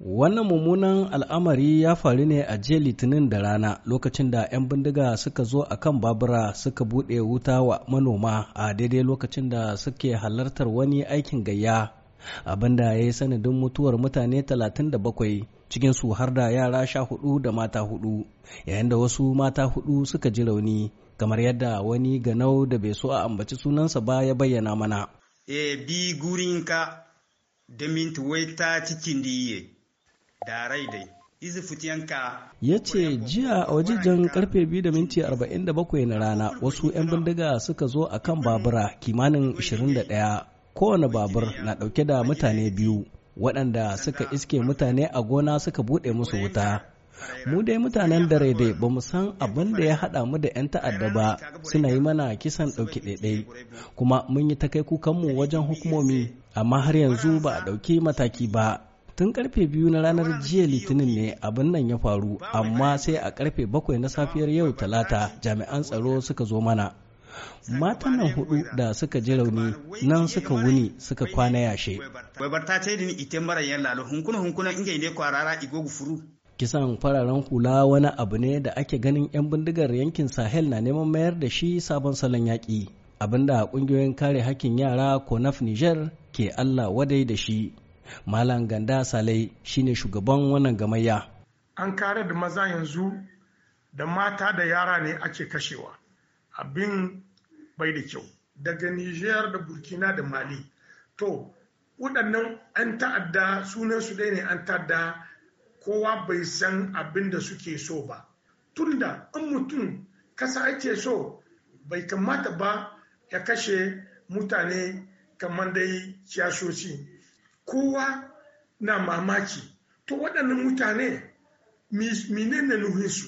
Wannan mummunan al'amari ya faru ne a jiya litinin da rana lokacin da 'yan bindiga suka zo a kan babura suka buɗe wuta wa manoma a daidai lokacin da suke halartar wani aikin gayya abinda ya yi sanadin mutuwar mutane 37 su har da yara sha hudu da mata hudu yayin da wasu mata hudu suka ji rauni kamar yadda wani ganau da bai so a ambaci sunansa ba ya bayyana mana. Ebi eh, bi gurinka da mintuwai ta cikin diye. da dai ya ce jiya a wajejen karfe 2:47 na rana wasu 'yan bindiga suka zo a kan babura kimanin 21 kowane babur na dauke da mutane biyu waɗanda suka iske mutane a gona suka buɗe musu wuta mu dai mutanen da dai ba mu san abin da ya haɗa mu da 'yan ta'adda ba suna yi mana kisan ɗauki ɗaiɗai kuma mun yi ta kai kukanmu wajen hukumomi amma har yanzu ba a ɗauki mataki ba tun karfe biyu na ranar jiya litinin ne abin nan ya faru amma sai a karfe bakwai na safiyar yau talata jami'an tsaro suka zo mana matan nan hudu da suka ji rauni nan suka wuni suka kwana yashe kisan fararen hula wani abu ne da ake ganin 'yan bindigar yankin sahel na neman mayar da shi sabon salon yaƙi abinda ƙungiyoyin kare hakkin yara konaf niger ke allah wadai da shi Malam Ganda Salai shine shugaban wannan gamayya. An kare da maza yanzu da mata da yara ne ake kashewa. Abin bai da kyau. Daga Nijar da Burkina da Mali. To, waɗannan 'yan ta'adda sunansu ɗaya ne 'yan ta'adda kowa bai san abin da suke so ba. Tunda in mutum kasa ake so bai kamata ba ya kashe mutane kamar dai kiyashoci kowa na mamaki to waɗannan mutane menene nuhinsu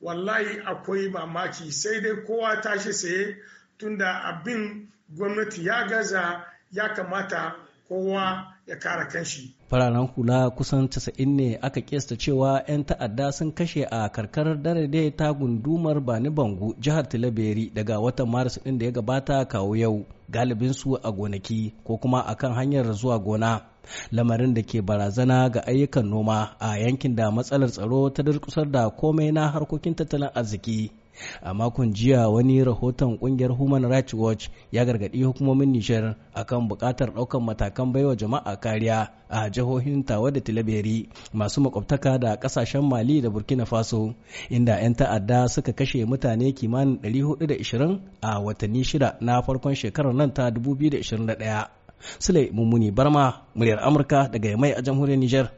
wallahi akwai mamaki sai dai kowa tashi saye tunda abin gwamnati ya gaza ya kamata kowa ya kara kanshi. Fararen hula kusan 90 ne aka kesta cewa 'yan ta'adda sun kashe a karkarar darade ta gundumar Bani Bangu jihar Tilaberi daga watan Maris ɗin da ya gabata kawo yau galibin su a gonaki ko kuma akan hanyar zuwa gona. Lamarin da ke barazana ga ayyukan noma a yankin da matsalar tsaro ta durkusar da komai na harkokin tattalin arziki. a makon jiya wani rahoton kungiyar human rights watch ya gargaɗi hukumomin a kan buƙatar ɗaukar matakan baiwa jama'a kariya a jihohin tawa da tilaberi masu makwabtaka da ƙasashen mali da burkina faso inda 'yan ta'adda suka kashe mutane kimanin 420 a watanni shida na farkon shekarar nan ta 2021 sule mummuni barma muryar amurka daga mai a jamhuriyar niger